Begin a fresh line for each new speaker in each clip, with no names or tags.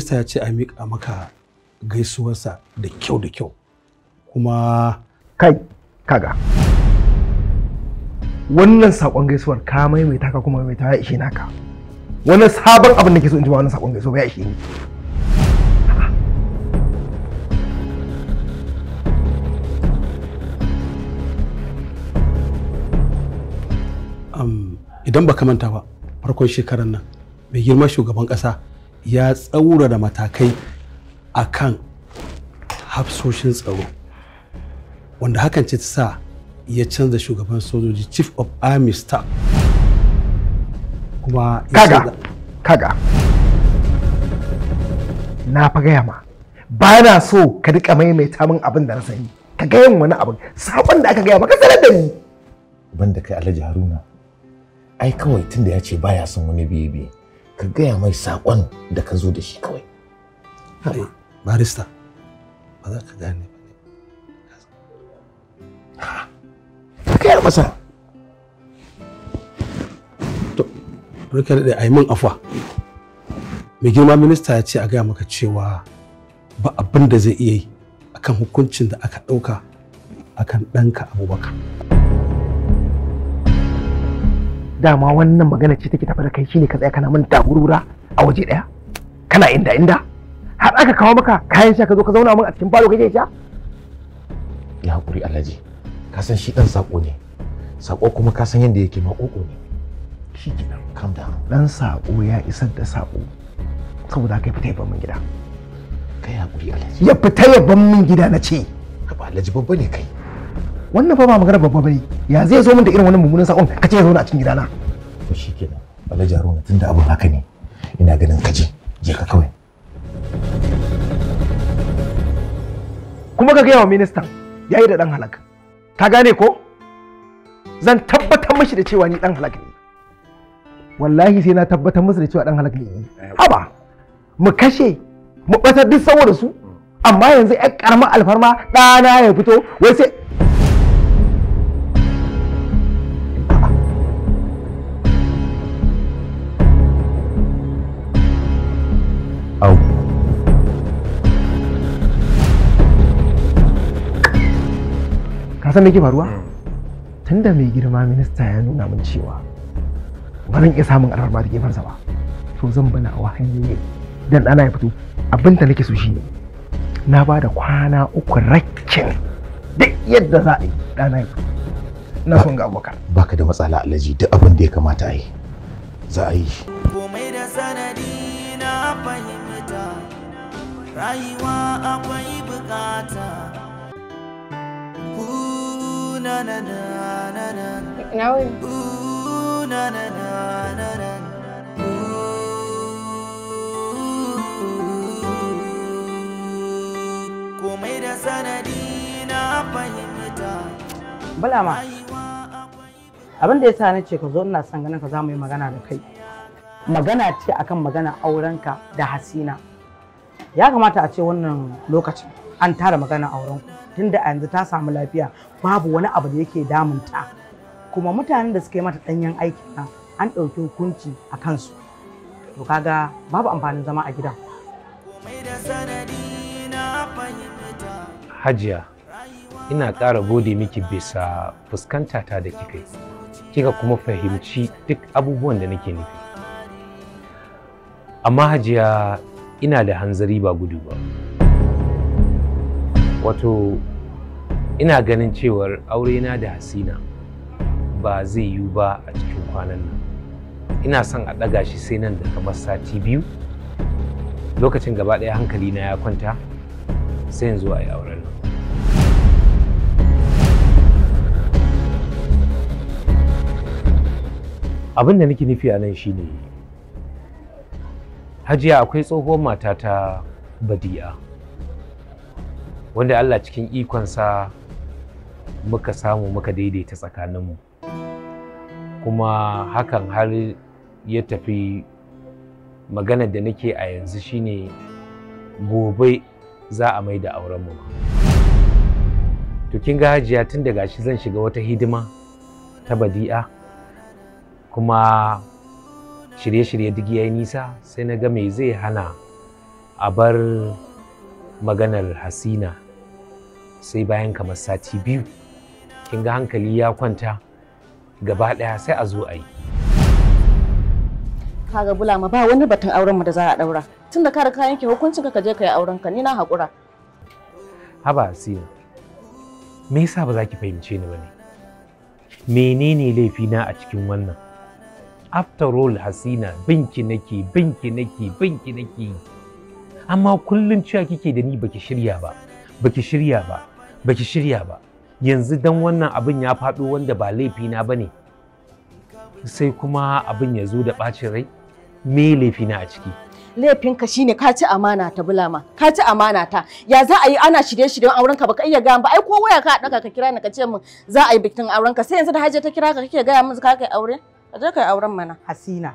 minista ya ce a miƙa maka gaisuwarsa da kyau da kyau
kuma kai kaga wannan saƙon gaisuwar ka maimaita ka kuma maimaita ya ishe naka wani sabon abin da ke so in ji wannan saƙon gaisuwa ya ishe ni
idan ba ka manta ba farkon shekarar nan mai girma shugaban ƙasa ya tsaurara matakai a kan hafsoshin tsaro wanda hakan ce ta sa ya canza shugaban sojoji chief of army staff
kuma kaga kaga na fa gaya ma ba na so ka duka maimaita min abin da na sani ka gaya min wani abin sabon da aka gaya maka sanar da ni
Banda kai alhaji haruna
ai kawai tunda ya ce baya son wani biye biye ka gaya mai saƙon da ka zo da shi kawai Hai, eh, barista ba za ka gane ba ne ka sa. masa to barka da ai min afwa mai girma minista ya ce a gaya maka cewa ba abin da zai iya yi akan hukuncin da aka ɗauka akan ɗanka abubakar
dama wannan magana ce take tafi da kai shine ka tsaya kana min dagurura a waje daya kana inda inda har aka kawo maka kayan sha ka zo ka zauna min a cikin falo kake sha ya hakuri alhaji ka san shi dan sako ne sako kuma ka san yadda yake makoko ne shi kenan calm down dan sako ya isar da sako saboda kai fita yabban min gida
kai hakuri alhaji
ya fita yabban min gida na ce ba alhaji babba ne kai wannan fa ba magana babba bane ya zai zo min da irin wannan mummunan sakon ka ce ya zauna a cikin gidana
to shikenan alhaji haruna tunda abin haka ne ina ganin ka je je ka kawai
kuma ka gaya wa ministan ya yi da dan halak ka gane ko zan tabbatar mashi da cewa ni dan halaka ne wallahi sai na tabbatar masa da cewa dan halak ne haba mu kashe mu batar duk saboda su amma yanzu 'yan karamar alfarma ɗana ya fito wai sai ka san da ke faruwa hmm. tunda mai girma minista ya nuna min cewa ba zan iya samun alfarma da gefensa ba to zan bana a hanyoyi dan ɗana ya fito abin da nake so shi ne na ba da kwana uku rakin duk yadda za a yi ɗana ya fito na son ga abokan baka da matsala alaji duk
abin da ya kamata a yi za a yi
komai da sanadi na fahimta rayuwa akwai bukata Bulama,
abin da ya sa na ce ka zo ina son ganin ka za mu yi magana da kai. Magana ce akan magana aurenka da Hasina. Ya kamata a ce wannan lokacin an tara magana auren tunda a yanzu ta samu lafiya babu wani abu da yake damunta kuma mutanen da suka mata danyen aiki na an ɗauki hukunci a kansu to kaga babu amfanin zama a gidan
hajiya ina ƙara gode miki bisa fuskanta ta da kika yi kika kuma fahimci duk abubuwan da nake nufi amma hajiya ina da hanzari ba gudu ba wato ina ganin cewar aurena da hasina ba zai yiwu ba a cikin kwanan nan ina son a ɗaga shi sai nan da kamar sati biyu lokacin gaba ɗaya hankali na ya kwanta sai yanzu a yi auren nan abin da nake nufi a nan shine hajiya akwai tsohuwar matata badi'a wanda Allah cikin ikonsa muka samu muka daidaita tsakaninmu kuma hakan har ya tafi magana da nake a yanzu shine gobe za a mai da aurenmu to kin ga hajiya tun daga shi zan shiga wata hidima ta badi'a kuma shirye-shirye duk yayi nisa sai na ga me zai hana a bar maganar hasina sai bayan kamar sati biyu kin ga hankali ya kwanta gaba ɗaya sai a zo a yi
kaga bulama ba wani batun auren mu da za a daura tun da ka kayan ki hukuncin ka je ka yi auren ka ni na haƙura
haba asira me yasa ba za ki fahimce ni bane menene laifina a cikin wannan after all hasina binki nake binki nake binki nake amma kullum cewa kike da ni baki shirya ba baki shirya ba baki shirya ba yanzu dan wannan abin ya fado wanda ba laifina ba ne sai kuma abin ya zo da ɓacin rai me laifina a ciki
laifin ka shine ka ci amana ta bulama ka ci amana ta ya za a yi ana shirye-shiryen aurenka baka iya ga ba ai ko waya ka daka ka kira ni ka ce min za a yi bikin auren ka sai yanzu da haje ta kira ka kake gaya min ka kai aure ka je kai auren mana hasina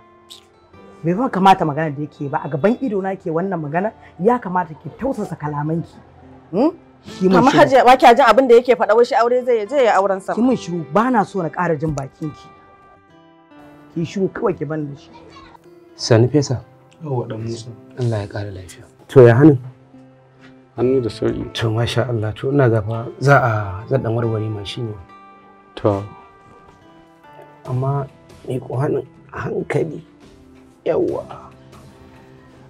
bai fa kamata magana da yake ba a gaban ido na ke wannan magana ya kamata ki tausasa kalamanki ki hmm? mun shi
ba ki jin abin da yake faɗa wai shi aure zai je ya auren sa ki mun
shiru ba na so na ƙara jin bakin ki ki shiru kawai ki ban da shi
sani fesa yawa dan musa Allah ya ƙara lafiya to ya hanin hannu da sauki to masha Allah to ina fa za a zan dan warware ma shi ne to amma ni ko hanin hankali Yawwa.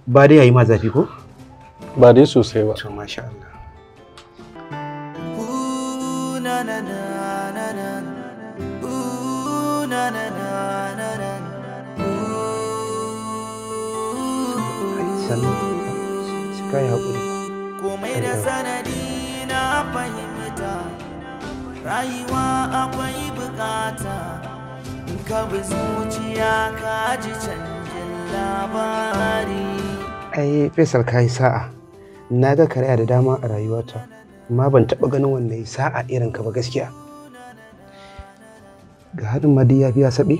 Ba dai yayi ma zafi ko? Ba dai sosai ba. To masha Allah.
Komai da sanadi na fahimta. rayuwa akwai bukata in ka zuciya ka ji
ai Faisal ka yi sa'a na ga karaya da dama a rayuwata amma ban taɓa ganin wanne sa'a irin ka ba gaskiya ga haɗin madi ya biya saɓe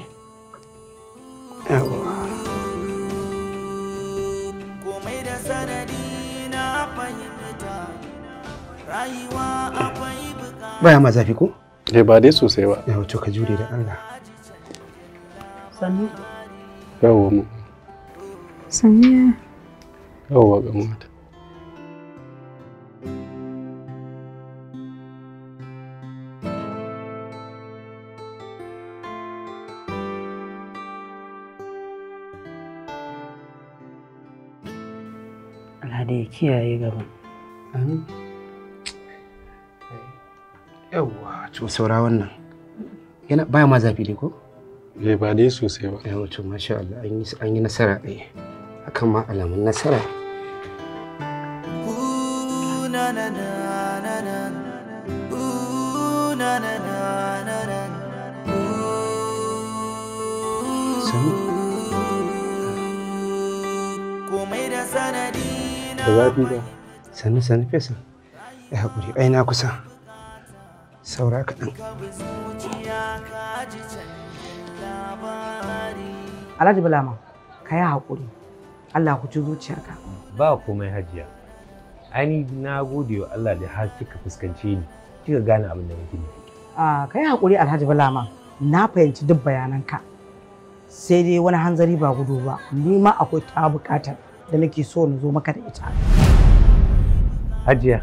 baya ma zafi ko? Eh ba dai sosai ba. Yawo to ka jure da Allah. Sannu. Yawo mu.
Samiya.
Yawwa ga mata.
Allah da ya kiyaye gaba. Hmm? Yawwa, to saura wannan. Yana baya ma zafi ne ko? Eh ba dai sosai ba. Yawwa, to masha Allah an yi nasara ɗaya. akan ma alamun nasara da zafi ba sannu sannu fesa ya haƙuri ai na kusa
saura kaɗan alhaji bulama ka yi haƙuri Allah ku ci zuciyarka
ba komai hajiya ani na gode wa Allah da har kika fuskance ni kika gane abin da nake nufi
Ah, kai hakuri Alhaji Balama na fahimci duk bayananka sai dai wani hanzari ba gudu ba ni ma akwai ta bukatar da nake so na zo maka da ita
hajiya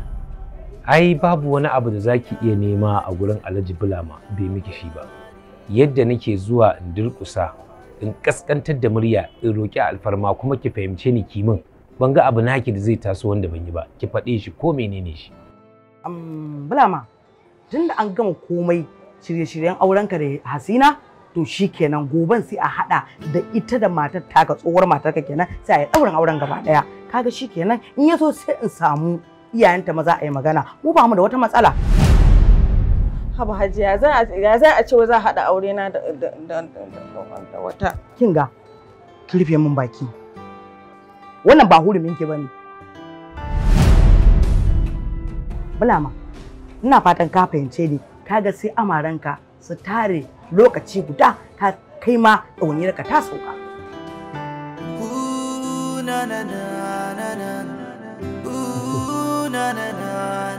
ai babu wani abu da zaki iya nema a gurin Alhaji Bulama bai miki shi ba yadda nake zuwa in durkusa in kaskantar da murya in roki alfarma kuma ki fahimce ni kimin ban ga abu naki da zai taso wanda ban yi ba ki faɗe shi ko menene shi
um, bulama tunda an gama komai shirye-shiryen aurenka da hasina to shi kenan goben sai a haɗa da ita da matar taka tsohuwar matarka kenan sai a yi ɗaurin auren gaba ɗaya kaga shi kenan in ya so sai in samu iyayenta maza a yi magana mu ba mu da wata matsala
haba hajiya ya za a ce za a haɗa aure na da wata
kinga ki rufe min baki wannan ba hurumin ki bane bulama ina fatan ka fahimce ni kaga sai amaranka su tare lokaci guda ka kai ma ka ta sauka
na na na na na na na na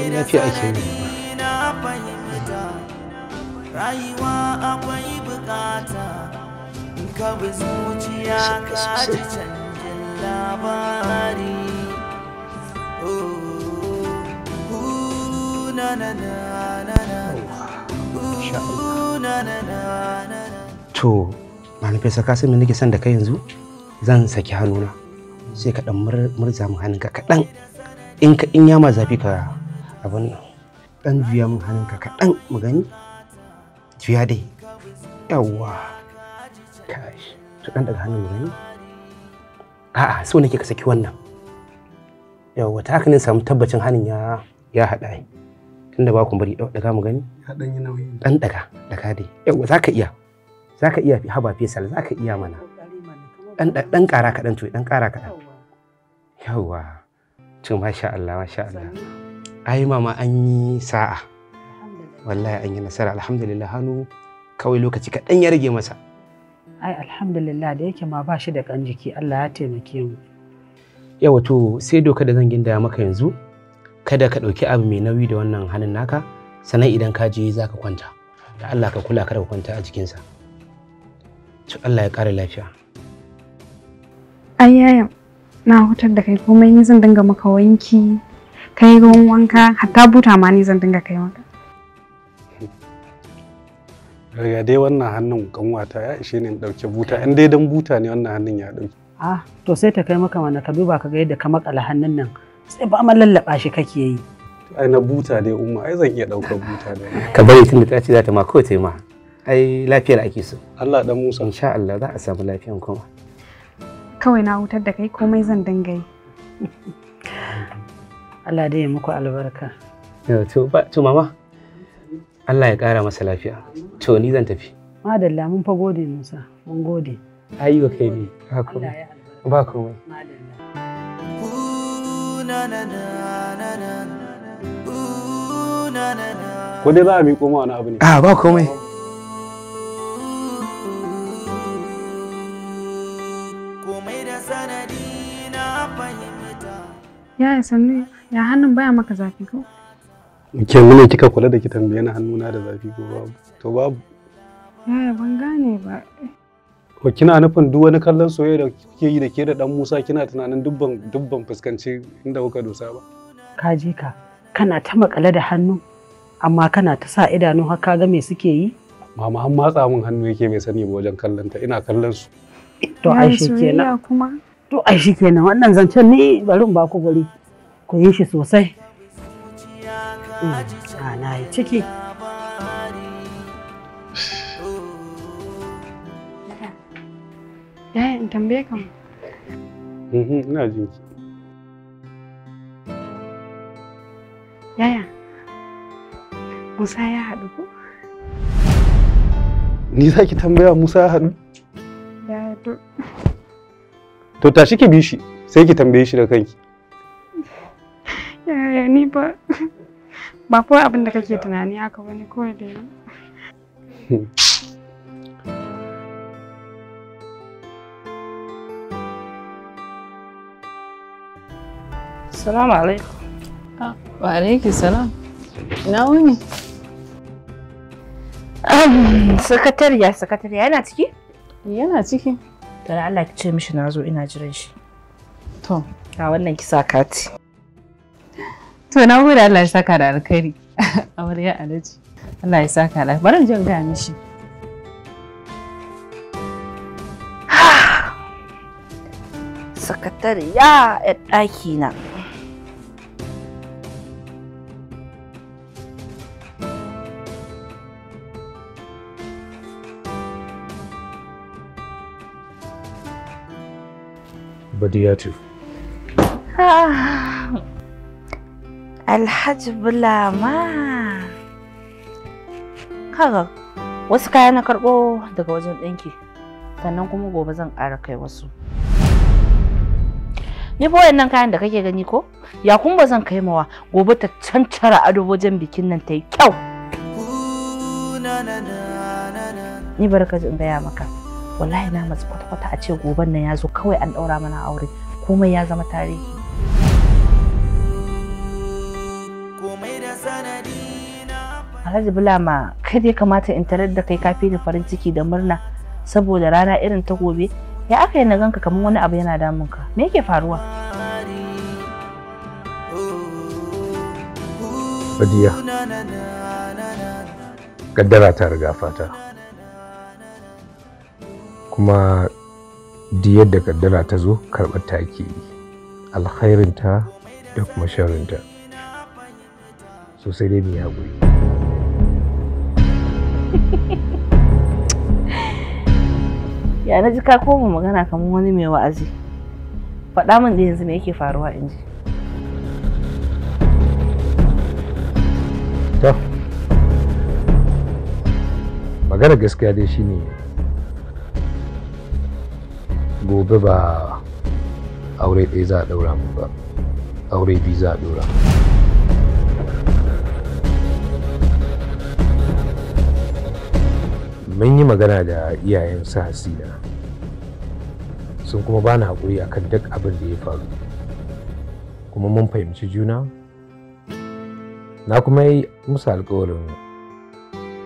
kai na rayuwa akwai bukata ka bi labari na na
to ka nake son da kai yanzu zan saki hannuna sai ka dan murza mu hannunka kaɗan in ka in zafi ka abin dan juya min hannunka kaɗan mu gani juya dai yawwa kashi to dan daga hannun mu gani a'a so nake ka saki wannan yawwa ta haka ne samu tabbacin hannun ya ya haɗa ni tunda ba bari daga mu gani Ɗan dan dan daga daga dai yawwa zaka iya zaka iya haba fesal zaka iya mana dan dan ƙara kaɗan to dan ƙara kaɗan yawwa to masha Allah masha Allah ai mama an yi sa'a wallahi an yi nasara alhamdulillah hannu kawai lokaci kaɗan ya rage masa
ai alhamdulillah da yake ma ba shi da kan jiki Allah ya taimake mu
Yau to sai doka da zan ginda maka yanzu kada ka ɗauki abu mai nauyi da wannan hannun naka sannan idan ka je za ka kwanta da Allah ka kula kada ka kwanta a jikinsa to Allah ya ƙara lafiya
ai na hutar da kai komai zan dinga maka wanki kai gon wanka hatta buta ma ni zan dinga kai maka
daga
dai wannan hannun kanwata ya ishe ni in dauke buta in dai dan buta ne wannan hannun ya dauke
ah to sai ta kai maka mana ka duba ka ga yadda ka makala hannun nan sai ba ma lallaba shi kake yi
ai na buta dai umma ai zan iya daukar buta dai ka bari tunda ta ce za ta ma kawai ta ma ai lafiyar ake so Allah dan Musa insha Allah za a samu lafiyan kuma
kawai na
hutar da kai komai zan dinga yi Allah dai ya muku albarka.
To mama, Allah ya ƙara masa lafiya. To ni zan tafi.
Madalla mun fa gode Musa, mun gode.
Ayi wa kai ne, ba komai. Ba komai.
Ko dai za a miƙo ma wani abu ne? Ah ba komai.
Komai da sanadi
Ya Ya hannun baya maka zafi ko?
Ke ne kika kula da ki tambaye ni hannuna da zafi ko babu? To babu.
Eh ban gane ba.
Ko kina nufin duk wani kallon soyayya da kike yi da ke da dan Musa kina tunanin dubban dubban fuskanci inda kuka dosa ba?
Ka je ka kana ta makale da hannu amma kana ta sa idanu har ka ga me suke yi?
Mama har matsa min hannu yake bai sani ba wajen kallon ta ina kallon su. To ai shi kenan.
To ai shi kenan wannan zancen ne bari in ba ku guri. ku yi shi sosai mm, a na yi ciki Yaya in tambaye ka
mm-hmm, Ina jin ki.
Yaya, Musa ya haɗu ko?
Ni za ki tambaya Musa ya haɗu? Ya haɗu. To tashi ki bi shi, sai ki tambaye shi da kanki.
ba
ba kawai abin da kake tunani aka bane kawai da yi
Salamu alaikum. Ah, wa alaikum salam. Ina wuni?
Sakatariya, sakatariya yana ciki? Yana ciki. Tare Allah ki ce mishi na zo ina jiran shi. To, ga wannan kisa kati. To na gode Allah
ya saka da alkhairi. Amarya Alhaji. Allah ya saka da. Bari jin ga mishi.
ya a daki na. Badiyatu. Ah. alhaji bulama kaga wasu kaya na karbo daga wajen ɗinki sannan kuma gobe zan ƙara kai wasu ni fa wayannan kayan da kake gani ko ya kun ba zan kai mawa gobe ta cancara ado wajen bikin nan ta yi kyau ni barka in gaya maka wallahi na matsi kwata-kwata a ce goben nan ya zo kawai an ɗaura mana aure komai ya zama tarihi Alhaji ma kai ya kamata in tarar da kai kafi da farin ciki da murna saboda rana irin ta gobe ya aka yi na ganka kamar wani abu yana damun ka me yake faruwa
Fadiya kaddara ta riga fata kuma diyar yadda kaddara ta zo karɓar ta alkhairinta da kuma sharrinta sosai dai mu ya
ya na ji ka koma magana kamar wani mai wa'azi faɗa min da yanzu me yake faruwa in ji
to magana gaskiya dai shine gobe ba aure ɗaya za a ɗaura mu ba aure biyu za a ɗaura mu mun yi magana da iyayen su hasina sun kuma bani haƙuri akan duk abin da ya faru kuma mun fahimci juna na kuma yi musu alkawarin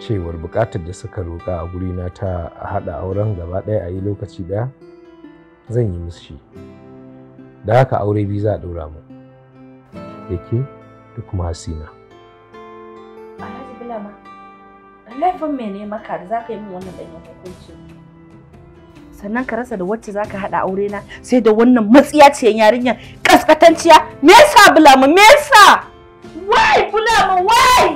cewar buƙatar da suka roƙa a na ta haɗa auren gaba ɗaya a yi lokaci ɗaya zan yi musu shi da haka aure biyu za a ɗora mu da ke da kuma hasina.
laifin mene ne maka da zaka yi min wannan ɗanyen hukunci sannan ka rasa da wacce zaka haɗa aure na sai da wannan matsiyaciyan yarinyar kaskatanciya me yasa bulama me yasa wai
bulama wai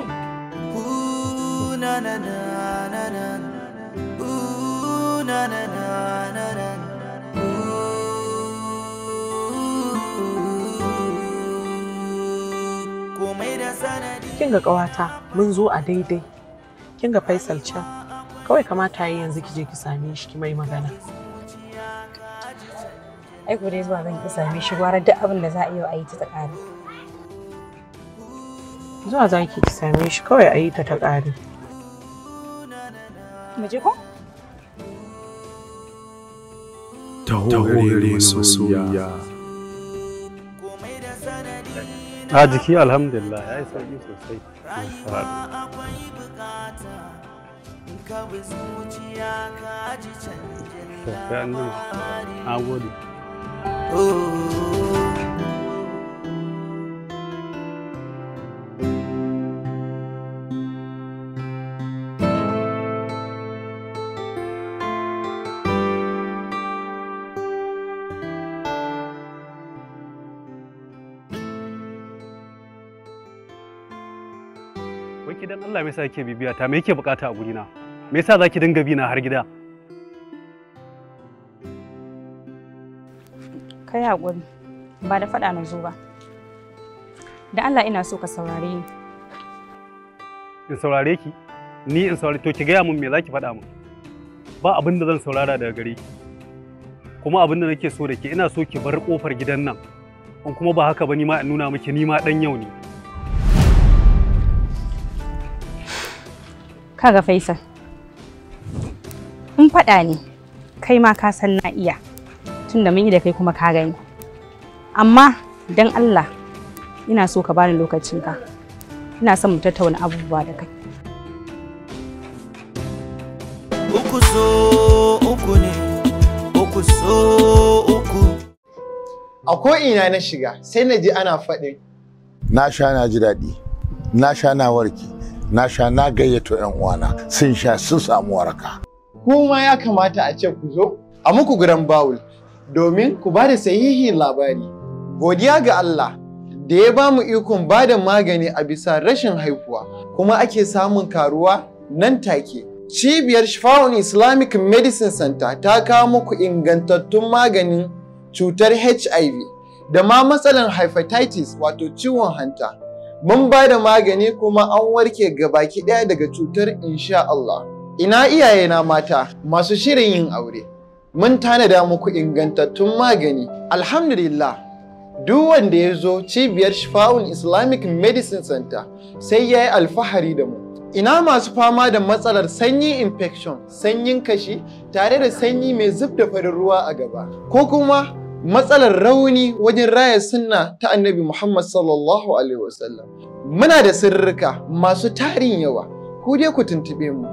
Kin ga ƙawata mun zo a daidai kin ga Faisal can kawai kamata yi yanzu ki je ki same shi ki mai magana ai gobe
zuwa zan ki same shi gwara duk abin da za a yi a yi ta tsakani
zuwa za ki ki same shi kawai a yi ta ta
mu je ko
taurare soyayya
a jiki alhamdulillah ya yi
sauki sosai
rayuwa akwai bukata in ka bi zuciya ka ji
Allah me yasa yake bibiya ta me yake bukata a gurina me yasa zaki dinga bi na har gida
kai hakuri ba da faɗa na zo ba da Allah ina so ka saurare ni
in saurare ki ni in saurare to ki gaya min me zaki faɗa min ba abin da zan saurara daga gare ki kuma abin da nake so da ke ina so ki bar kofar gidan nan in kuma ba haka ba ni ma in nuna miki ni ma dan yau ne
kaga faisal in faɗa ne kai ma ka san na iya tunda mun yi da kai kuma ka gani amma dan Allah ina so ka bani lokacinka ina son mu tattauna abubuwa da kai
uku so uku uku so uku a ko'ina na shiga sai na ji ana faɗi
na sha na ji daɗi na sha na warke na sha na gayyato 'yan uwana sun sha sun samu waraka.
Kuma ya kamata a ce ku zo a muku Gidan bawul domin ku ba da sahihin labari. Godiya ga Allah da ya ba mu ikon ba da magani a bisa rashin haihuwa kuma ake samun karuwa nan take. Cibiyar Shifa'un Islamic Medicine Center ta kawo muku ingantattun maganin cutar HIV da ma matsalar hepatitis wato ciwon hanta. mun ba da magani kuma an warke gabaki ɗaya daga cutar insha Allah. Ina iyayena mata masu shirin yin aure, mun tanada muku ingantattun magani. Alhamdulillah, duk wanda ya zo cibiyar Shifa'un Islamic Medicine Center sai ya yi alfahari da mu. Ina masu fama da matsalar sanyi infection, sanyin kashi, tare da sanyi mai zub da farin ruwa a gaba, ko kuma matsalar rauni wajen raya sunna ta annabi Muhammad sallallahu Alaihi wasallam. Muna da sirrika masu tarin yawa, ku dai ku tuntube mu.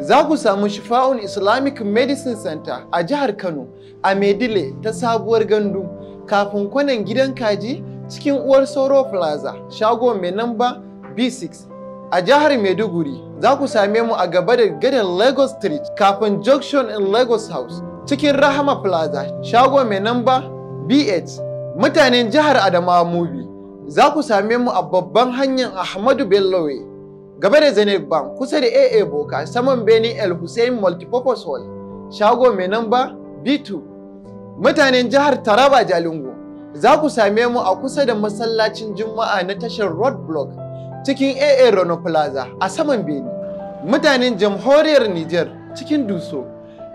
Za ku samu Shifa'un Islamic Medicine Center a jihar Kano, a Medile ta sabuwar gandu, kafin kwanan gidan kaji cikin uwar Soro Plaza, shago mai namba B6. A jihar Maiduguri, za ku same mu a gaba da gadon Lagos Street kafin Junction in Lagos House. cikin Rahama Plaza, shago mai namba B8, mutanen jihar Adamawa Mubi. Za ku same mu a babban hanyar Ahmadu Bellowe, gaba da Zenith Bank, kusa da AA Boka, saman Beni El Hussein Multipurpose Hall, shago mai namba B2. Mutanen jihar Taraba Jalingo, za ku same mu a kusa da masallacin Juma'a na tashar Block cikin AA Rono Plaza, a saman Beni. Mutanen jamhuriyar Nijar cikin Duso,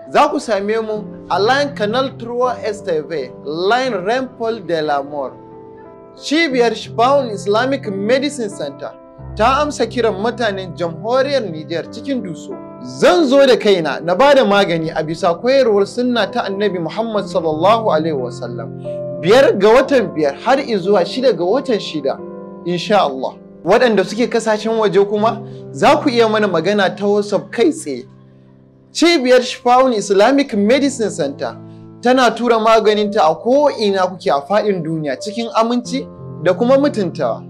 za ku same mu a line canal Trois STV line Rempol de la Mor. Cibiyar Shibawun Islamic Medicine Center ta amsa kiran mutanen jamhuriyar Nijar cikin duso. Zan zo da kaina na ba da magani a bisa koyarwar sunna ta annabi Muhammad sallallahu Alaihi wasallam. Biyar ga watan biyar har zuwa shida ga watan shida, insha Allah. Waɗanda suke kasashen waje kuma za ku iya mana magana ta WhatsApp kai tsaye. Cibiyar Shifawun Islamic Medicine Center tana tura maganinta a ko'ina kuke a faɗin duniya cikin aminci da kuma mutuntawa.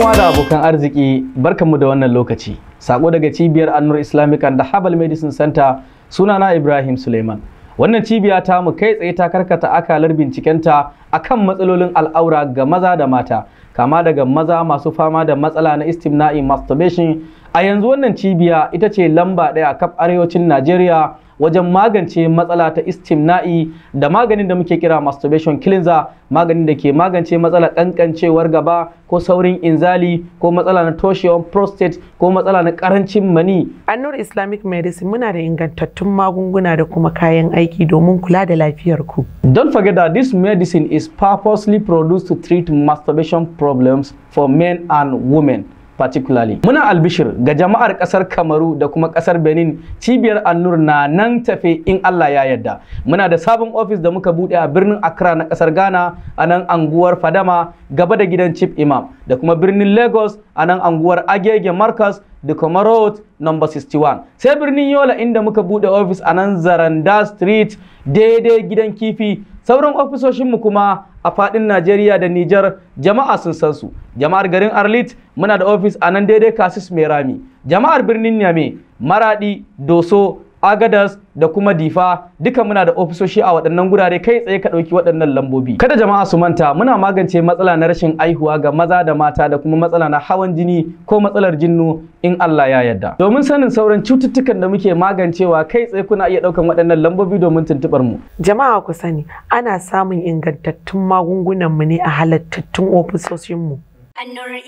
Eh, da abokan
arziki barkanmu da wannan lokaci saƙo daga cibiyar annur islamic and habal medicine center sunana ibrahim suleiman wannan cibiya ta mu kai tsaye ta karkata akalar bincikenta akan matsalolin al'aura ga maza da mata kama daga maza masu fama da matsala na istimna'i masturbation a yanzu wannan cibiya ita ce lamba ɗaya a kaf arewacin najeriya wajen magance matsala ta istimna'i da maganin da muke kira masturbation cleanser maganin da ke magance matsalar kankancewar gaba ko saurin inzali ko matsala na toshewar prostate ko matsala na karancin mani
annur islamic medicine muna da ingantattun magunguna da kuma kayan aiki domin kula da lafiyar ku
don't forget that this medicine is purposely produced to treat masturbation problems for men and women particularly muna albishir ga jama'ar kasar kamaru da kuma kasar benin cibiyar annur na nan tafe in allah ya yadda muna da sabon ofis da muka bude a birnin accra na kasar ghana a nan anguwar fadama gaba da gidan chief imam da kuma birnin lagos a nan anguwar agege marcus the kuma road no 61 sai birnin yola inda muka bude ofis a nan zaranda street daidai gidan kifi sauran ofisoshinmu kuma a faɗin Najeriya da Nijar jama'a sun san su. Jama'ar garin Arlit muna da ofis a nan daidai Kasis Merami. Jama'ar birnin Niamey, Maradi, Doso, agadas da kuma difa duka muna da ofisoshi a waɗannan gurare kai tsaye ka ɗauki waɗannan lambobi kada jama'a su manta muna magance matsala na rashin aihuwa ga maza da mata da kuma matsala na hawan jini ko matsalar jinnu in Allah ya yarda domin sanin sauran cututtukan da muke magancewa kai tsaye kuna iya ɗaukan waɗannan lambobi domin tuntuɓar mu jama'a ku sani ana samun ingantattun magungunan mu ne a halattattun
ofisoshin mu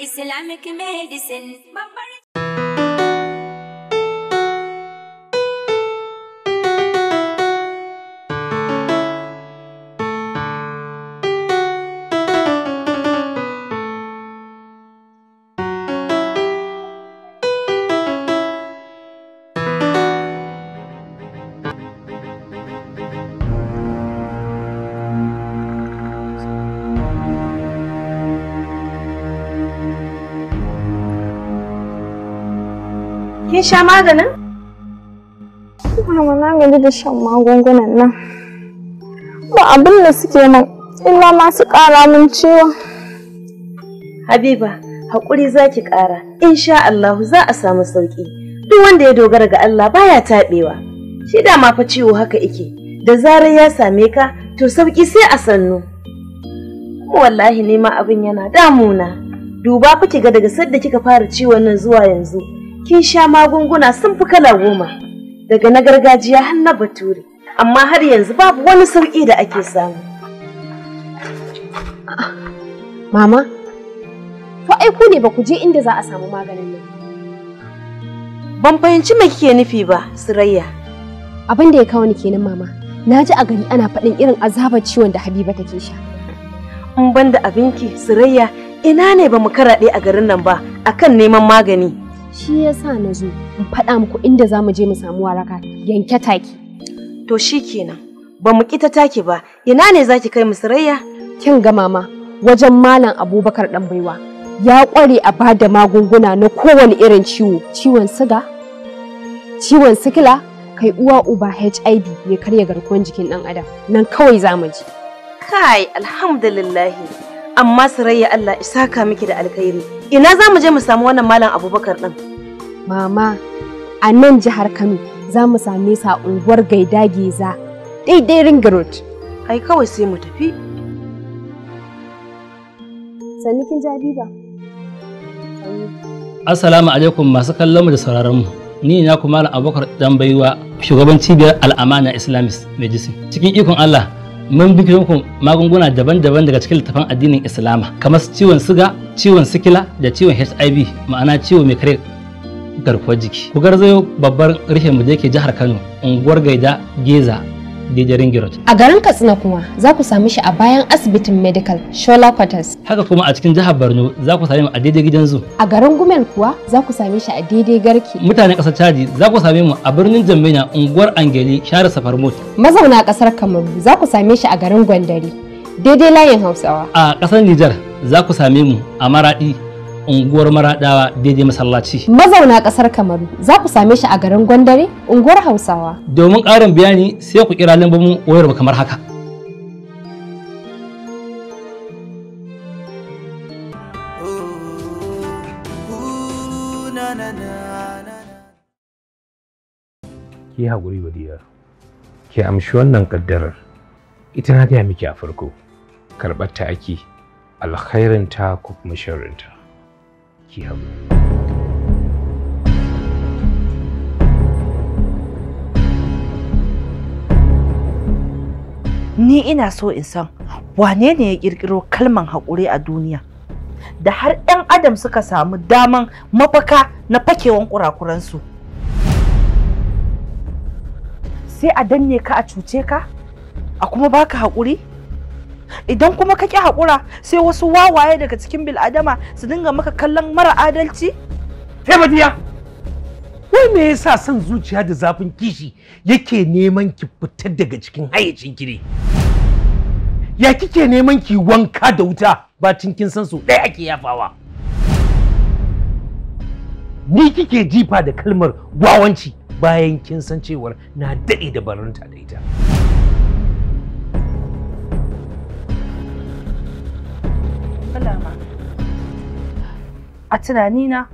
Islamic Medicine
kin sha maganin? Mama na gani da shan magungunan nan. Ba abin da suke nan, illa ma su ƙara min ciwo. Habiba, haƙuri za ki ƙara, in sha Allahu za a samu sauƙi. Duk wanda ya dogara ga Allah baya taɓewa. Shi da ma fa ciwo haka ike, da zarar ya same ka, to sauƙi sai a sannu. Wallahi nema abin yana damuna. Duba fa ki ga daga sadda kika fara ciwon nan zuwa yanzu. kin sha magunguna sun fi kala goma daga na gargajiya har na bature amma har yanzu babu wani sauƙi da ake samu mama to ai ku ne ba ku je inda za a samu maganin nan ban fahimci me kike nufi ba surayya abin da ya kawo ni kenan mama na ji a gani ana faɗin irin azabar ciwon da habiba take sha in banda da abinki surayya ina ne bamu mu karaɗe a garin nan ba akan neman magani shi yasa na zo in faɗa muku inda za mu je mu samu waraka yanke take to shi kenan ba mu kita take ba ina ne zaki kai mu sirayya kin ga mama wajen malam abubakar dan baiwa ya ƙware a bada magunguna na kowane irin ciwo ciwon siga ciwon sikila kai uwa uba hiv ya karya garkuwar jikin dan adam nan kawai za mu je kai alhamdulillahi amma Sarayya Allah isaka miki da alkhairi ina zamu je mu samu wannan malam Abubakar din mama a nan jihar Kano za mu same sa unguwar Gaida Geza daidai Ring Road ai kawai sai mu tafi sani kin
Assalamu alaikum masu kallon mu da sauraron mu ni na kuma Malam Abubakar dan baiwa shugaban cibiyar Al'amana Islamist Medicine cikin ikon Allah mun bi muku magunguna daban-daban daga cikin littafan addinin islama kamar ciwon siga ciwon sikila da ciwon hiv ma'ana ciwo mai kare garkuwar jiki ku garzayo babbar rufin mu da yake jihar kano unguwar gaida geza Dijarin Girot.
A garin Katsina kuma za ku sami shi a bayan asibitin Medical Shola Quarters.
Haka kuma a cikin jihar Borno za ku same mu a daidai gidan zu.
A garin Gumel kuwa za ku same shi a daidai garki.
Mutanen ƙasar Chadi za ku same mu a birnin jamina unguwar Angeli Share Safarmut.
Mazauna ƙasar Kamaru za ku same shi a garin Gwandari. Daidai layin Hausawa.
A ƙasar Nijar za ku same mu a Maraɗi. unguwar maradawa daidai masallaci
mazauna kasar kamaru za ku same shi a garin gwandare unguwar hausawa
domin ƙarin bayani sai ku kira lambobin wayar kamar haka
ki haƙuri wadiya ki amshi wannan ƙaddarar ita na gaya miki a farko karɓar ta ake alkhairinta ko kuma sharrinta ni
ina so in san wane ne ya ƙirƙiro kalman haƙuri a duniya da har 'yan adam suka samu daman mafaka na fakewan kurakuransu sai a danne ka a cuce ka a kuma baka haƙuri idan kuma ka ƙi haƙura sai wasu wawaye daga cikin bil'adama su dinga maka kallon mara adalci? Sai badiya! Wai me yasa son zuciya da zafin kishi yake neman ki fitar daga cikin
hayyacin ki Ya kike neman ki wanka da wuta bacin kin san su ɗaya ake yafawa? Ni kike jifa da kalmar wawanci bayan kin san cewar na daɗe da baranta da ita.
a tunanina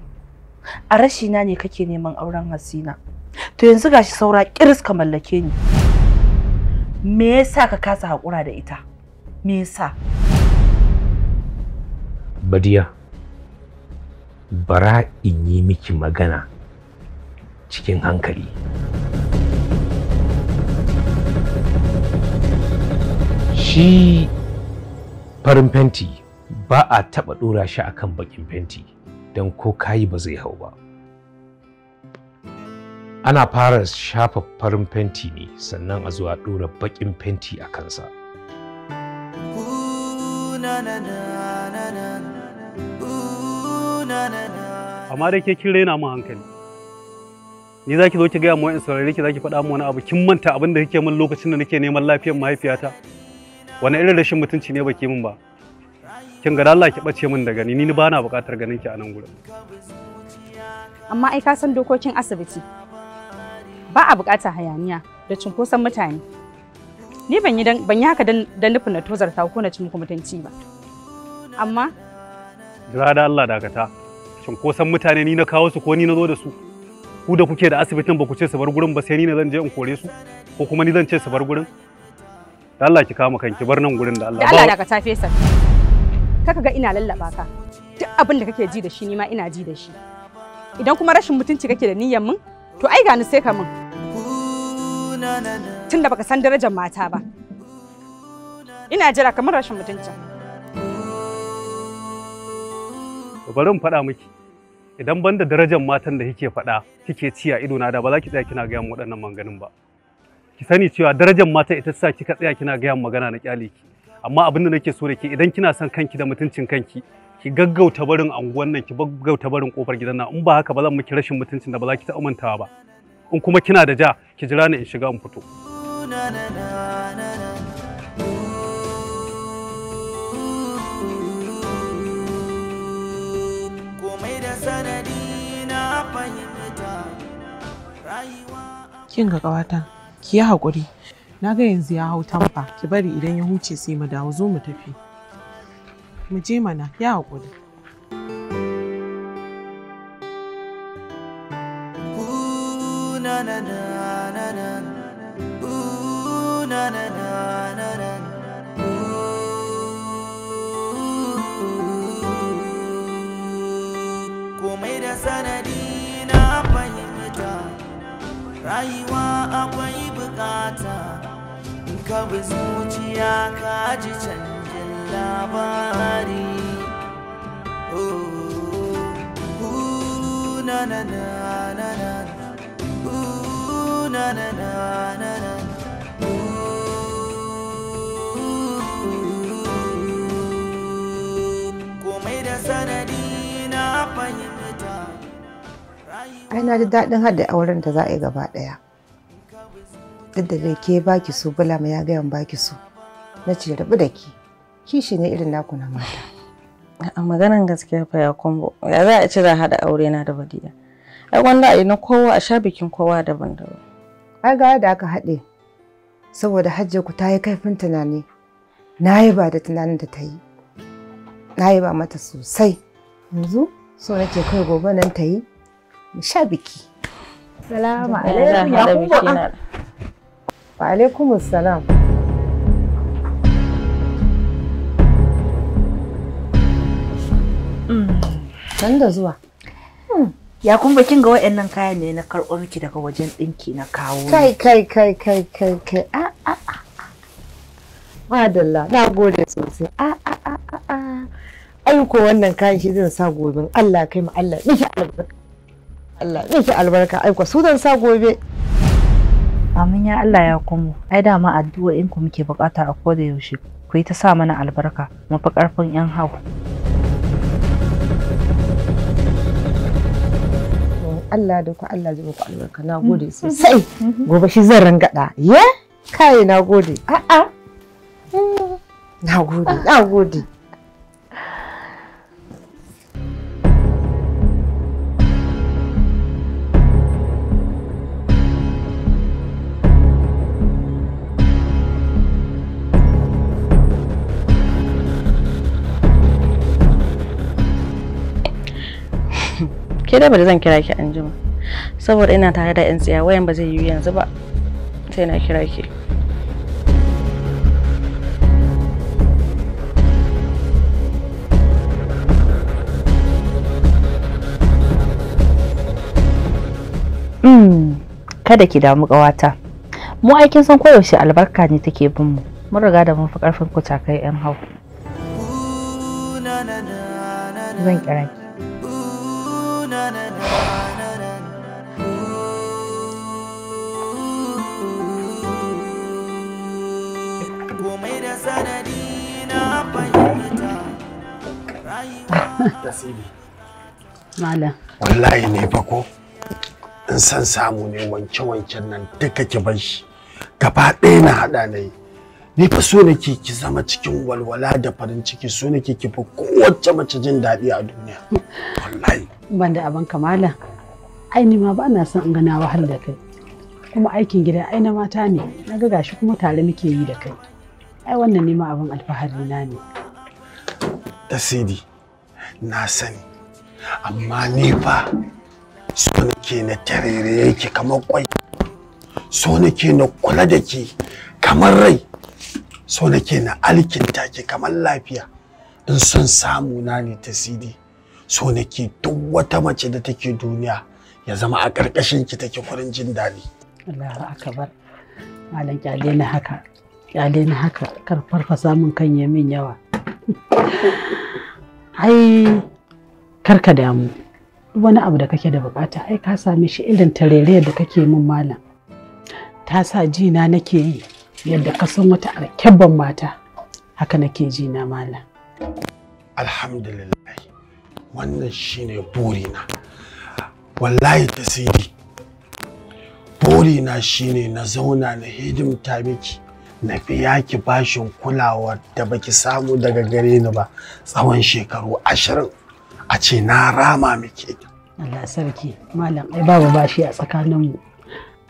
a rashina ne kake neman auren hasina to yanzu gashi saura kiris ka mallake ni me yasa ka kasa haƙura da ita me yasa
badiya bara in yi miki magana cikin hankali shi farin fenti ba a taɓa ɗora shi akan bakin fenti don ko kayi ba zai hau ba ana fara shafa farin fenti ne sannan a zuwa ɗora bakin fenti a kansa
amma da ke kin raina mu hankali ni za ki zo ki gaya mu in saurare ki za ki faɗa mu wani abu kin manta abin da kike min lokacin da nake neman lafiyar mahaifiyata wani irin rashin mutunci ne baki min ba kin ga Allah ki bace min daga ni ni ba na buƙatar ganin ki a nan gurin
amma ai ka san dokokin asibiti ba a buƙatar hayaniya da cunkoson mutane ni ban yi ban yi haka dan nufin na tozarta ko na ci muku mutunci ba amma
jira da Allah dakata cunkoson mutane ni na kawo su ko ni na zo da su ku da kuke da asibitin ba ku ce su bar gurin ba sai ni na zan je in kore su ko kuma ni zan ce su bar gurin Allah ki kama kanki bar nan gurin da Allah da Allah
dakata fesa kaka ga ina lallaba ka duk abin da kake ji da shi ni ma ina ji da shi idan kuma rashin mutunci kake da niyyar mun to ai gani sai ka mun tunda baka san darajar mata ba ina jira kamar rashin mutunci
bari in faɗa miki idan banda darajar matan da kike faɗa kike ci a idona da ba za ki tsaya kina gaya waɗannan maganin ba ki sani cewa darajar mata ita sa kika tsaya kina gaya magana na kyale ki amma abin da nake so da ke idan kina son kanki da mutuncin kanki ki gaggauta barin anguwan nan ki gaggauta barin kofar gidan nan in ba haka ba zan miki rashin mutuncin da ba za ki taɓa mantawa ba in kuma kina da ja ki jira ni in shiga in fito
kin ga ƙawata ki yi haƙuri na ga yanzu ya hau tamfa ki bari idan ya huce sai mu dawo zo mu tafi mu je mana ya hakuri
rayuwa akwai bukata ka bi zuciya ka ji canjin labari na na na na na na ai na
ji daɗin haɗa auren da za a yi gaba ɗaya duk da dai ke baki so bulama ya gayan baki so na ce rabu da ki ki shi ne irin naku na mata a maganan gaskiya fa ya kombo ya za a cira hada aure na da badiya ai wanda ai
na kowa a sha bikin kowa daban-daban ai
ga da aka haɗe saboda hajjar ku ta yi kaifin tunani na yi ba da tunanin da ta yi na yi ba mata sosai yanzu so nake kai gobe nan ta yi mu sha biki
salamu alaikum ya kuma
Wa salam. Mm. da zuwa. Mm. Ya kun kin ga waɗannan
kayan ne na karɓo miki daga wajen ɗinki na kawo. Kai
kai kai kai kai kai a a a. Madalla na gode sosai a a a a a. ko wannan kayan shi zan sa gobe Allah kai mu Allah miki albarka. Allah miki albarka ko su zan sa gobe. Amin ya Allah ya kuma. Ai dama
in ku muke bukata a koda yaushe. Ku yi ta sa mana albarka. Mu fi karfin yan hau.
Allah da ku Allah ji ku albarka. Na gode mm. sosai. Mm-hmm. Gobe shi zan rangada. Ye? Kai na gode. a Na gode. Na gode.
ke da bari zan kira ki anjima saboda ina tare da yan tsiya wayan ba zai yi yanzu ba sai na kira ki
hmm, kada ki damu ƙawata mu aikin san koyaushe albarka ne take bin mu mun riga da mun fi ƙarfin kai 'yan hau zan kira ki
Malam. Wallahi ne fa ko. In san samu ne wance wanken nan duka ki bar shi. Gaba ɗaya na haɗa na yi. Ni fa so nake ki zama cikin walwala da farin ciki so nake ki fa kowace mace jin daɗi a duniya.
Wallahi. Ban da abin kamala. Ai ni ma ba na son in gana wahal da kai. Kuma aikin gida ai na mata ne. Na ga gashi kuma tare muke yi da kai. Ai wannan ne ma abin alfahari na ne.
Tasiri. na sani amma ni fa so nake na tarere yake kamar kwai so nake na kula da ki kamar rai so nake na alkinta ke kamar lafiya in son samu na ne ta sidi so nake duk wata mace da take duniya ya zama a ƙarƙashin ki take kurin jin daɗi
Allahu akbar malam kyale na haka kyale na haka karfar samun kan yamin yawa ai karka damu wani abu da kake da bukata ai ka same shi irin tarerayar da kake min malam ta sa jina nake yi yadda ka san wata alkyabban mata haka nake jina malam
alhamdulillah wannan shine burina wallahi tasiri burina shine na zauna na hidimta miki na fi yaki bashin kulawar da baki samu daga gare ni ba tsawon shekaru ashirin a ce na rama miki.
Allah sarki malam ai babu bashi a tsakaninmu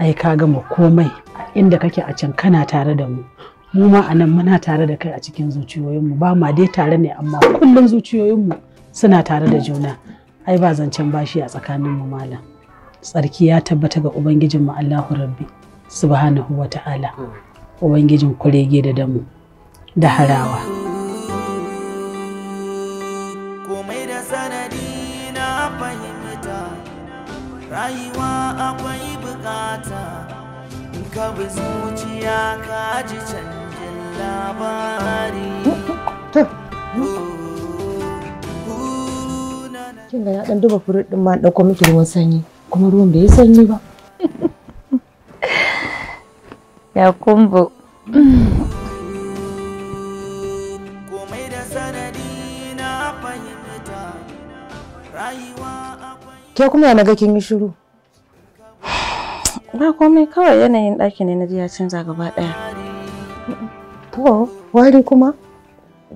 ai ka gama komai inda kake a can kana tare da mu mu ma a nan muna tare da kai a cikin zuciyoyinmu ba ma dai tare ne amma kullum zuciyoyinmu suna tare da juna ai ba zancen bashi a tsakaninmu malam sarki ya tabbata ga ubangijinmu Allahu rabbi subhanahu wata'ala ubangijin kurege da damu da harawa
komai da sanadi na fahimta rayuwa akwai bukata ka bi zuciya ka ji canjin labari kin ga na
dan duba furuɗin ma ɗauko miki ruwan sanyi kuma ruwan bai yi sanyi ba ya kumbu ke kuma yana ga kin yi shiru
ba komai kawai yanayin ɗaki ne na ji ya canza gaba ɗaya to wari kuma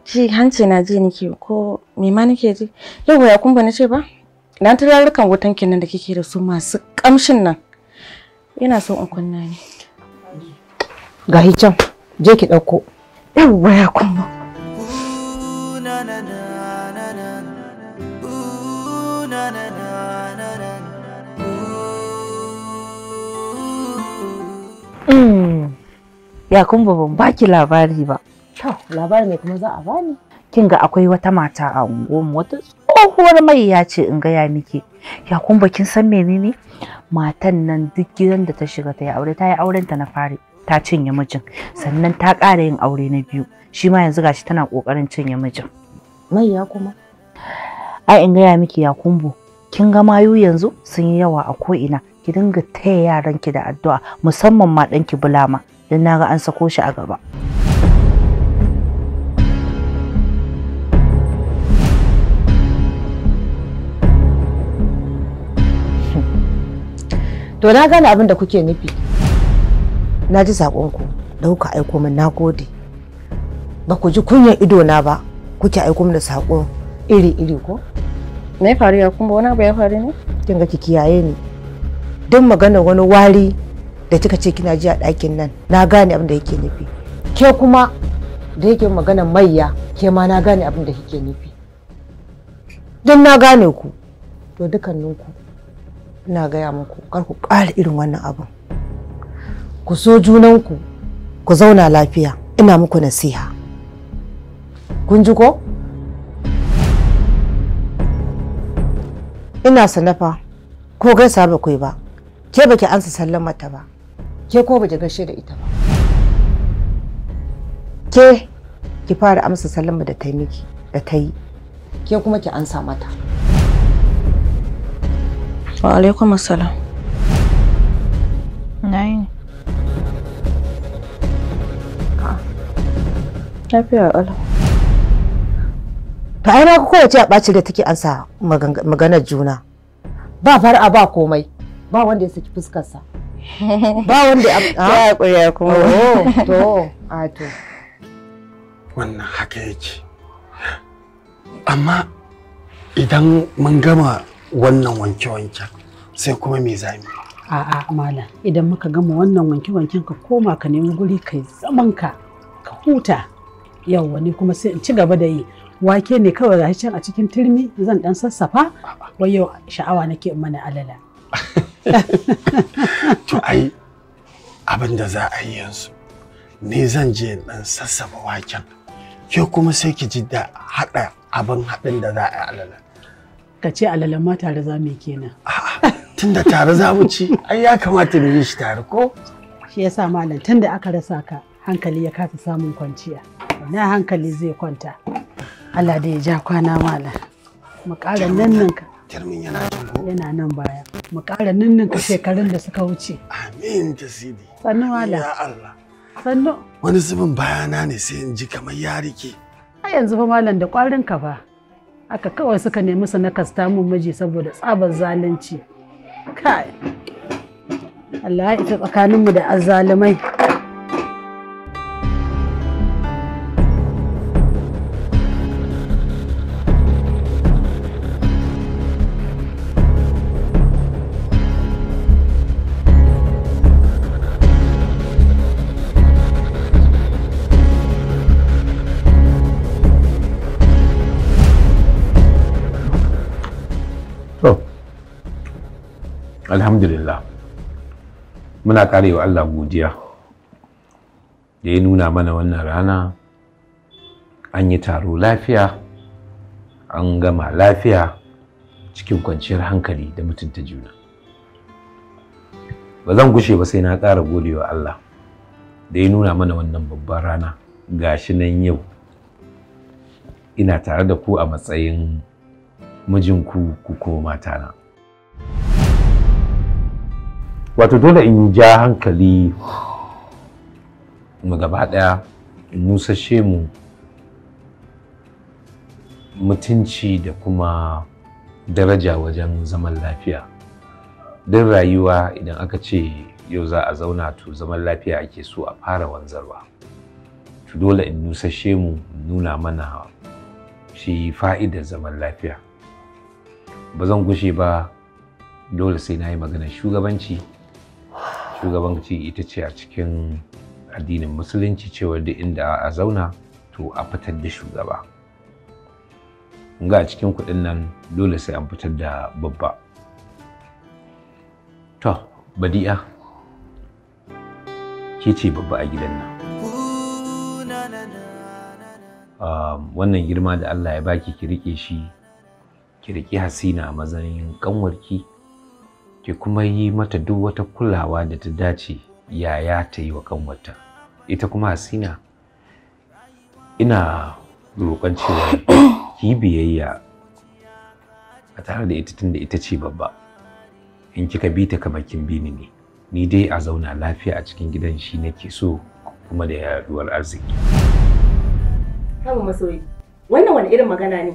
ji hanci na ji nake ko me ma nake ji yau ya kumba na ce ba na turarukan wutan kinan da kike da su masu kamshin nan yana so in kunna ni.
ga can je ki ɗauko yawwa ya kuma
hmm, ya kuma ban baki labari ba
kyau labari ne kuma za a bani
kin ga akwai wata mata a unguwarmu wata tsohuwar mai ya ce in gaya miki ya kun kin san menene matan nan duk gidan da ta shiga ta yi aure ta yi aurenta na fari ta cinye mijin sannan ta ƙara yin aure na biyu shi ma yanzu gashi tana ƙoƙarin cinye mijin maiya kuma ai in gaya miki ya kumbo kin ga mayu yanzu sun yi yawa a ko'ina ki dinga taya yaranki da addu'a musamman ma ɗanki bulama don na ga an sako shi a gaba
To na gane abin da kuke nufi. na ji saƙonku da kuka aiko min na gode ba ku ji kunyan idona ba kuke aiko min da saƙo iri-iri ko me faru ya kuma wani abu ya faru ne kin ga ki kiyaye ni duk magana wani wari da kika ce kina ji a ɗakin nan na gane abin da yake nufi ke kuma da yake magana mayya ke ma na gane abin da kike nufi don na gane ku to dukkaninku ina gaya muku kar ku ƙara irin wannan abin ku so junanku ku zauna lafiya ina muku nasiha kun ji ko ina sanafa ko gaisa ba kai ba ke baki ansa sallamar ta ba ke ko baje gaishe da ita ba ke ki fara amsa sallama da ta miki da ta yi ke kuma ki ansa mata
wa alaikum assalam
na yi Lafiya Allah. To aina ku kowace a ɓaci da take ansa maganar juna. Ba far'a ba komai. Ba wanda ya saki fuskarsa. Ba wanda ya kuya
kuma. Oh, to, a to. Wannan haka yake. Amma idan mun gama wannan wanke wanke sai kuma me zami.
A'a malam idan muka gama wannan wanke-wanken ka koma ka nemi guri kai zaman ka ka huta. Yau wani kuma sai in ci gaba da yi wake ne kawai gashi can a cikin turmi zan dan sassafa wai yau sha'awa nake in mana alala
to ai abin da za a yi yanzu ni zan je in dan sassafa waken ke kuma sai ki ji da haɗa abin haɗin da za a yi alala ka ce alala ma tare za mu kenan tunda tare za mu ci ai ya kamata mu yi shi tare
ko shi yasa malam da aka rasa ka hankali ya kasa samun kwanciya na hankali zai kwanta Allah da ya ja kwana mala mu ƙara nan ka jarmin yana ko yana nan baya mu ƙara nan ka shekarun da suka wuce
amin ta sidi
sannu wala ya Allah sannu
wani zubin bayana ne sai in ji kamar ya rike
a yanzu fa malam da ƙwarin ka fa aka kawai suka nemi su na kastamun miji saboda tsabar zalunci kai Allah ya ita tsakaninmu da azzalumai
alhamdulillah muna karewa Allah godiya da ya nuna mana wannan rana an yi taro lafiya an gama lafiya cikin kwanciyar hankali da mutunta juna ba zan gushe ba sai na ƙara godewa Allah da ya nuna mana wannan babban rana ga shi nan yau ina tare da ku a matsayin mijinku ku kuma matana wato dole in ja hankali mu gaba ɗaya nusashe mu mutunci da kuma daraja wajen zaman lafiya din rayuwa idan aka ce yau za a zauna to zaman lafiya ake so a fara wanzarwa to dole in nusashe mu nuna mana shi fa'idar zaman lafiya ba zan gushe ba dole sai na yi maganar shugabanci shugabanci ita ce a cikin addinin musulunci cewa duk inda a zauna to a fitar da shugaba ga cikin kuɗin nan dole sai an fitar da babba to badi'a ke ce babba a gidan nan wannan girma da Allah ya baki ki rike shi ki rike hasina a mazanin kanwarki ki kuma yi mata duk wata kulawa da ta dace yaya ta yi wa wata? ita kuma hasina ina roƙon cewa ki biyayya a tare da ita tunda ita ce babba in kika bi ta kamar kin bi ni ne ni dai a zauna lafiya a cikin gidan shi nake so kuma da yaduwar
arziki kama masoyi wannan wani irin magana ne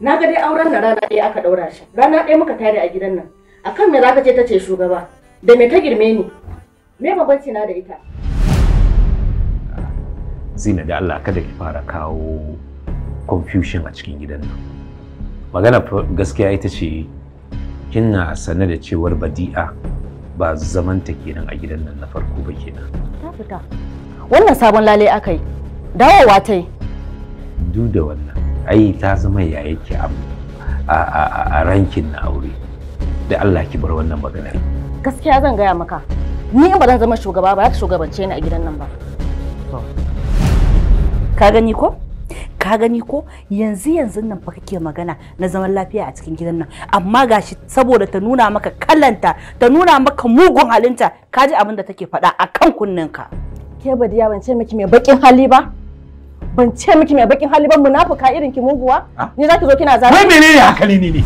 na ga dai auren na rana ɗaya aka ɗaura shi rana ɗaya muka tare a gidan nan akan me zaka ce tace shugaba da me ta girme ni me babanci na da ita
zina da Allah kada ki fara kawo confusion a cikin gidan nan magana gaskiya ita ce kina sane da cewar badi'a ba zamanta kenan a gidan nan na farko ba kenan
ta fita wannan sabon lale aka yi dawowa ta yi
duk da wannan ai ta zama yayake a rankin na aure da Allah ki bar wannan maganar
gaskiya zan gaya maka ni ba zan zama shugaba ba ya shugabance ni a gidan nan ba ka gani ko ka gani ko
yanzu yanzu nan fa
kake magana
na zaman lafiya a cikin gidan nan amma gashi saboda ta nuna maka kallanta ta nuna
maka mugun halinta ka ji abin da take faɗa a kan kunninka ke badiya ban ce miki mai bakin hali ba ban ce miki mai bakin hali ba munafuka irin ki muguwa ah. ni zaki zo kina zara
wai menene hakali ne ne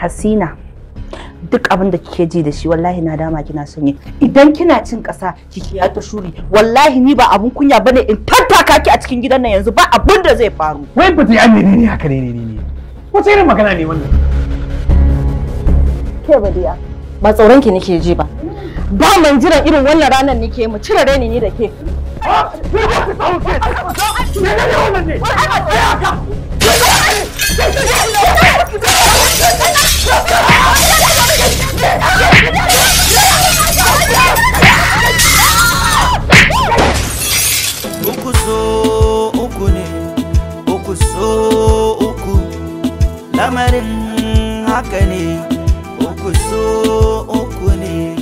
hasina duk abin da kike ji da shi wallahi na dama kina sanye idan kina cin ƙasa kiki ya ta shuri wallahi ni ba abun kunya bane in tattaka ki a cikin gidan nan yanzu ba abin da zai faru
wai ba ta yi ne haka ne ne ne
wata irin magana ne wannan ke badiya ba tsoron ki nake ji ba ba man jiran irin wannan ranar nake mu cire reni ni da ke ah, ne
uku ne, uku lamarin haka ne, uku ne.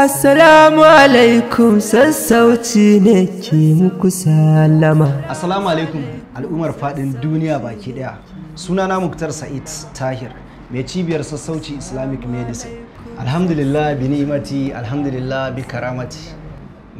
Assalamu alaikum sassauci ne ke muku salama.
Assalamu alaikum al'ummar faɗin duniya baki ɗaya. sunana muktar sa'id tahir mai cibiyar sassauci islamic medicine alhamdulillah bi ni'imati alhamdulillah bi karamati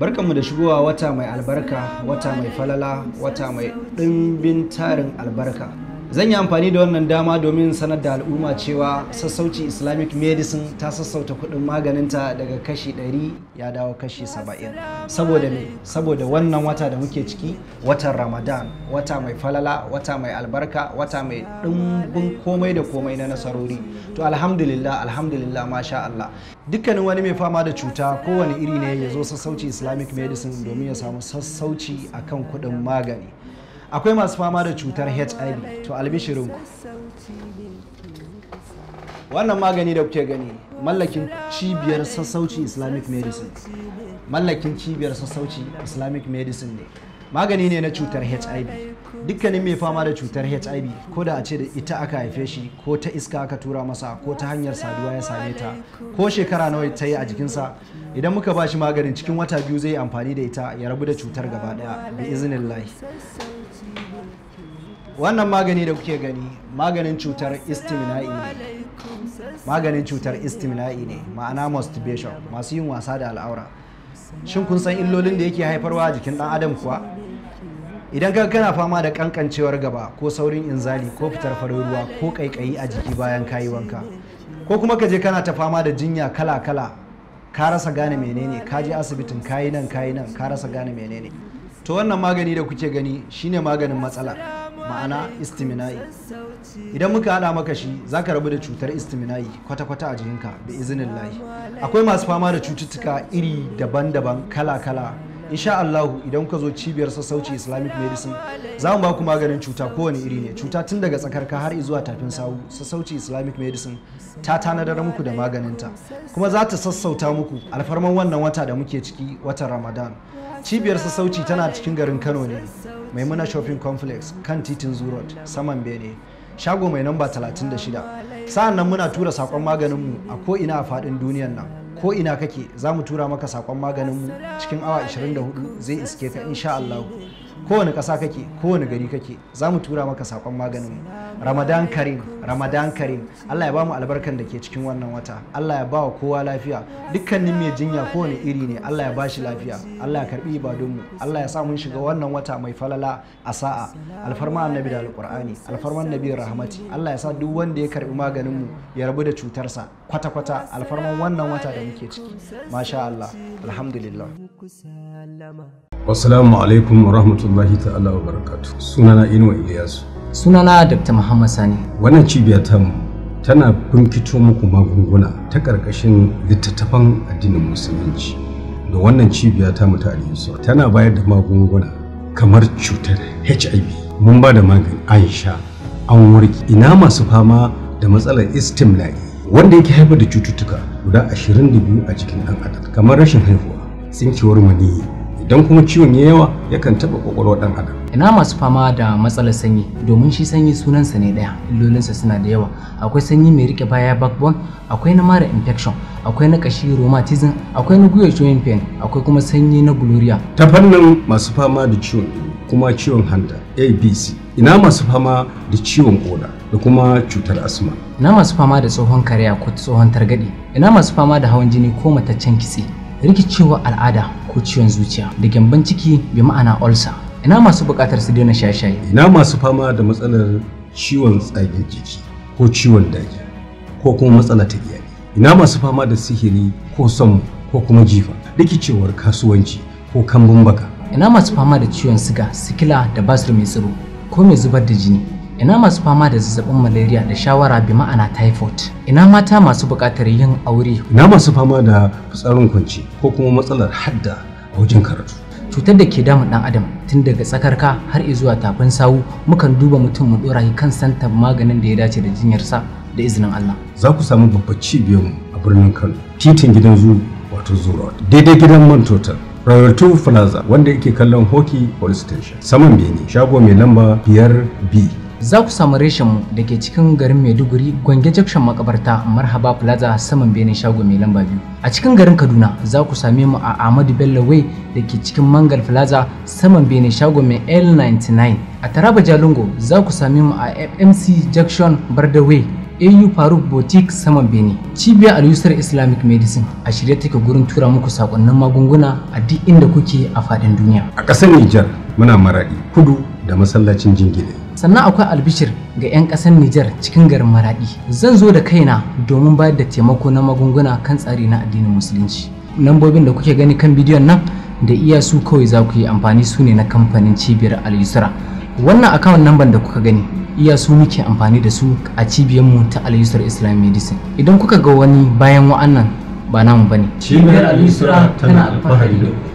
barkanmu da shigowa wata mai albarka wata mai falala wata mai ɗimbin tarin albarka zan yi amfani da wannan dama domin sanar da al'umma cewa sassauci islamic medicine ta sassauta kudin maganinta daga kashi 100 ya dawo kashi 70 saboda me saboda wannan wata da muke ciki watan ramadan wata mai falala wata mai albarka wata mai dimbin komai da komai na nasarori to alhamdulillah alhamdulillah masha Allah dukkanin wani mai fama da cuta kowane iri ne ya zo sassauci islamic medicine domin ya samu sassauci akan kuɗin magani akwai masu fama da cutar hiv to ku wannan magani da kuke gani mallakin cibiyar sassauci islamic medicine mallakin cibiyar sassauci islamic medicine ne magani ne na cutar hiv dukkanin mai fama da cutar hiv ko da a ce da ita aka haife shi ko ta iska aka tura masa ko ta hanyar saduwa ya same ta ko shekara nawa ta yi a jikinsa idan muka ba shi maganin cikin wata biyu zai amfani da ita ya rabu da cutar gaba daya bi izinin lahi wannan magani da kuke gani maganin cutar istimina'i ne maganin cutar istimina'i ne ma'ana masturbation masu yin wasa da al'aura shin kun san illolin da yake haifarwa a jikin dan adam kuwa idan ka kana fama da kankancewar gaba ko saurin inzali ko fitar farin ruwa ko kaikayi a jiki bayan kayi wanka ko kuma ka je kana ta fama da jinya kala kala ka rasa gane menene ka je asibitin kayi nan kayi nan ka rasa gane menene to wannan magani da kuke gani shine maganin matsalar ma'ana istimina'i idan muka hada maka shi zaka rabu da cutar istimina'i kwata-kwata a jikinka da izinin layi akwai masu fama da cututtuka iri daban-daban kala-kala insha Allahu idan ka zo cibiyar sassauci islamic medicine za mu ba ku maganin cuta kowane iri ne cuta tun daga tsakar ka har zuwa tafin sawu sassauci islamic medicine ta tanadar muku da maganinta kuma za ta sassauta muku alfarman wannan wata da muke ciki watan ramadan cibiyar sassauci tana cikin garin kano ne maimuna shopping complex kan titin zurot saman bene shago mai namba 36 sa'an nan muna tura sakon maganinmu a ko ina a faɗin duniyan nan ko ina kake za mu tura maka sakon maganinmu cikin awa 24 zai iske ka insha Allah kowane ƙasa kake kowane gari kake za mu tura maka sakon maganin ramadan karim ramadan karim allah ya ba mu albarkan da ke cikin wannan wata allah ya ba wa kowa lafiya dukkanin mai jinya kowane iri ne allah ya ba shi lafiya allah ya karbi ibadunmu allah ya sa mun shiga wannan wata mai falala a sa'a alfarma annabi da alƙur'ani alfarman nabi rahmati allah ya sa duk wanda ya karbi maganinmu ya rabu da cutarsa kwata-kwata alfarman wannan wata da muke ciki masha allah alhamdulillah
Assalamu alaikum wa rahmatullahi ta'ala wa barakatu. Sunana Inuwa Iliyasu. Sunana Dr. Muhammad Sani. Wannan cibiya mu tana bunkito muku magunguna ta karkashin littattafan addinin musulunci. Da wannan cibiya mu ta Aliyu tana bayar da magunguna kamar cutar HIV. Mun ba da magani an an warke. Ina masu fama da matsalar istimla'i wanda yake haifar da cututtuka guda 22 a cikin ɗan adam kamar rashin haihuwa, tsinkewar maniyyi,
idan kuma ciwon ya yawa yakan taɓa ƙwaƙwalwar ɗan adam ina masu fama da matsalar sanyi domin shi sanyi sunansa ne ɗaya illolinsa suna da yawa akwai sanyi mai rike baya backbone akwai na mara infection akwai na kashi rheumatism akwai na gwiwa joint pain akwai kuma sanyi na gloria
ta fannin masu fama da ciwon kuma ciwon hanta abc ina masu fama da ciwon koda da kuma cutar asma
ina masu fama da tsohon kariya ko tsohon targaɗe ina masu fama da hawan jini ko mataccen kitse rikicewar al'ada ko ciwon zuciya da gyambon ciki bi ma'ana ulcer ina masu buƙatar su daina shaye-shaye
ina masu fama da matsalar ciwon tsagin
jiki ko ciwon daji ko kuma matsala ta iyali ina masu fama da sihiri ko son ko kuma jifa rikicewar kasuwanci ko kambun baka ina masu fama da ciwon siga sikila da basir mai tsiro ko mai zubar da jini ina masu fama da zazzabin malaria da shawara bi ma'ana typhoid ina mata masu buƙatar yin aure ina masu fama da fitsarin kwanci ko kuma matsalar hadda a wajen karatu cutar da ke damun dan adam tun daga tsakarka har zuwa tafin sawu mukan duba mutum mu dora shi kan santar maganin da ya dace da jinyarsa da izinin Allah
za ku samu babbar cibiyar a birnin Kano titin gidan zu wato zu road daidai gidan man total Royal Two Plaza wanda yake kallon Hockey Police Station saman Bene shago mai lamba 5B
za ku samu reshen mu da ke cikin garin Maiduguri Gwange Jakshan makabarta Marhaba Plaza saman Benin Shago mai lamba biyu. A cikin garin Kaduna za ku same mu a Ahmadu Bello Way da ke cikin Mangal Plaza saman Benin Shago mai L99. A Taraba Jalingo za ku same mu a FMC Junction Barda Way AU Faruk Boutique saman Benin. Cibiyar al Islamic Medicine a shirye take gurin tura muku sakonnin magunguna a duk inda kuke a faɗin duniya.
A ƙasar Nijar muna maraɗi kudu da masallacin jingine.
sannan akwai albishir ga 'yan ƙasar Nijar cikin garin Maraɗi. Zan zo da kaina domin bayar da taimako na magunguna kan tsari na addinin Musulunci. Nambobin da kuke gani kan bidiyon nan da iya su kawai za ku yi amfani su ne na kamfanin cibiyar Al-Yusra. Wannan akawun namban da kuka gani iya su muke amfani da su a cibiyar mu ta Al-Yusra Islam Medicine. Idan kuka ga wani bayan wa'annan ba namu bane. Cibiyar Al-Yusra
tana alfahari da